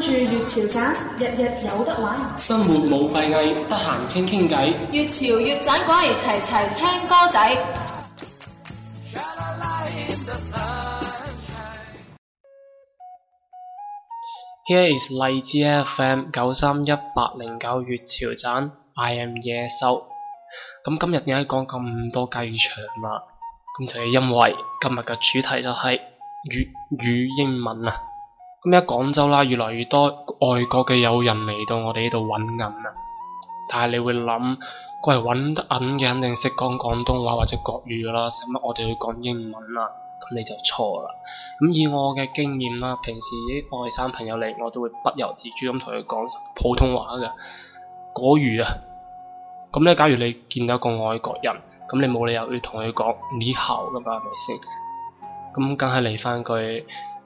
跟住粵學越盞，日日有得玩；生活冇閉翳，得閒傾傾偈。粵學越盞鬼，過嚟齊齊聽歌仔。Here is 荔枝 FM 九三一八零九粵學越盞，I am 夜秀。咁今日點解講咁多雞腸啦？咁就係因為今日嘅主題就係粵語，語英文啊！咁而家廣州啦，越來越多外國嘅友人嚟到我哋呢度揾銀啦，但係你會諗，佢係揾得銀嘅肯定識講廣東話或者國語啦，使乜我哋去講英文啦？咁你就錯啦！咁以我嘅經驗啦，平時啲外省朋友嚟，我都會不由自主咁同佢講普通話嘅。果如啊，咁咧，假如你見到一個外國人，咁你冇理由要同佢講你好噶嘛，係咪先？咁梗係嚟翻句。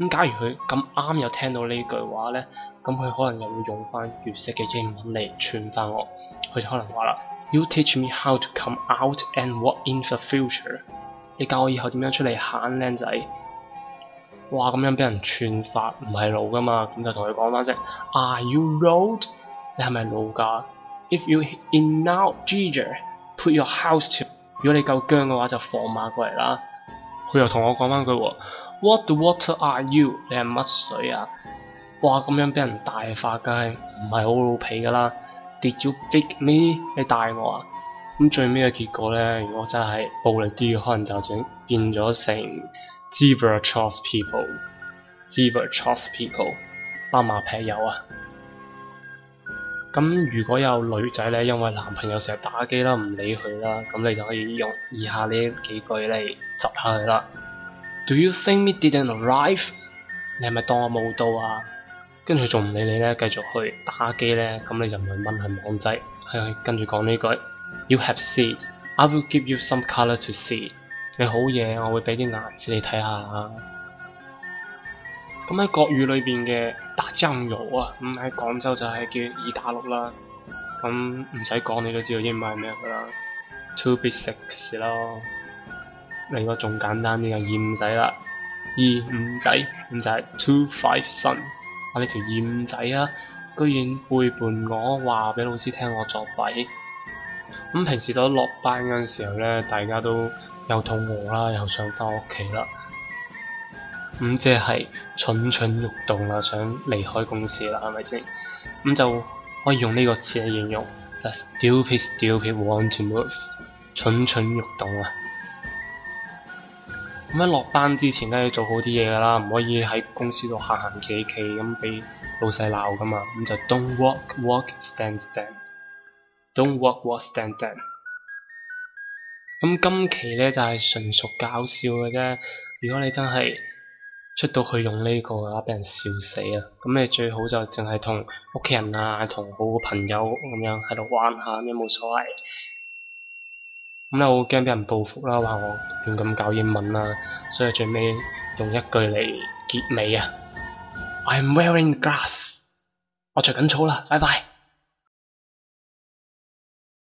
咁、嗯、假如佢咁啱又聽到呢句話呢，咁佢可能又會用翻粵式嘅英文嚟串翻我，佢就可能話啦：You teach me how to come out and walk in the future。你教我以後點樣出嚟行，靚仔？哇！咁樣俾人串法唔係老㗎嘛，咁就同佢講翻啫。Are you road? 你係咪老㗎？If you enough ginger，put your house to。如果你夠薑嘅話，就放馬過嚟啦。佢又同我講翻句喎。What the water are you？你係乜水啊？哇咁樣俾人大發，梗係唔係好老脾噶啦。Did you fake me？你大我啊？咁最尾嘅結果咧，如果真係暴力啲可能就整變咗成 zebra chops people，zebra chops people，斑馬劈友啊！咁、啊啊啊、如果有女仔咧，因為男朋友成日打機啦，唔理佢啦，咁你就可以用以下呢幾句嚟窒下佢啦。Do you think me didn't arrive？你係咪當我冇到啊？跟住仲唔理你咧，繼續去打機咧，咁你就唔會問佢網仔。係跟住講呢句。You have s e e d I will give you some color to see。你好嘢，我會俾啲顏色你睇下啊。咁喺國語裏邊嘅打醬油啊，咁喺廣州就係叫二打六啦。咁唔使講，你都知道英文係咩噶啦。To be s i x 咯。嚟個仲簡單啲嘅二五仔啦，二五仔咁就係 two five son。我呢條二五仔啊，居然背叛我，話俾老師聽我作弊。咁平時到落班嗰時候咧，大家都又肚餓啦，又想翻屋企啦，咁即係蠢蠢欲動啦，想離開公司啦，係咪先？咁就可以用呢個詞嚟形容，就 stupid stupid want to move，蠢蠢欲動啊！咁喺落班之前咧，要做好啲嘢噶啦，唔可以喺公司度行行企企咁俾老細鬧噶嘛。咁就 don't walk, walk stand, stand don't walk, walk stand, stand。咁今期咧就係純屬搞笑嘅啫。如果你真係出到去用呢個嘅話，俾人笑死啊！咁你最好就淨係同屋企人啊，同好嘅朋友咁樣喺度玩下，咩冇所謂。咁我好驚俾人報復啦，話我亂咁搞英文啦，啊，所以最尾用一句嚟結尾啊！I'm wearing grass，我着緊草啦，拜拜。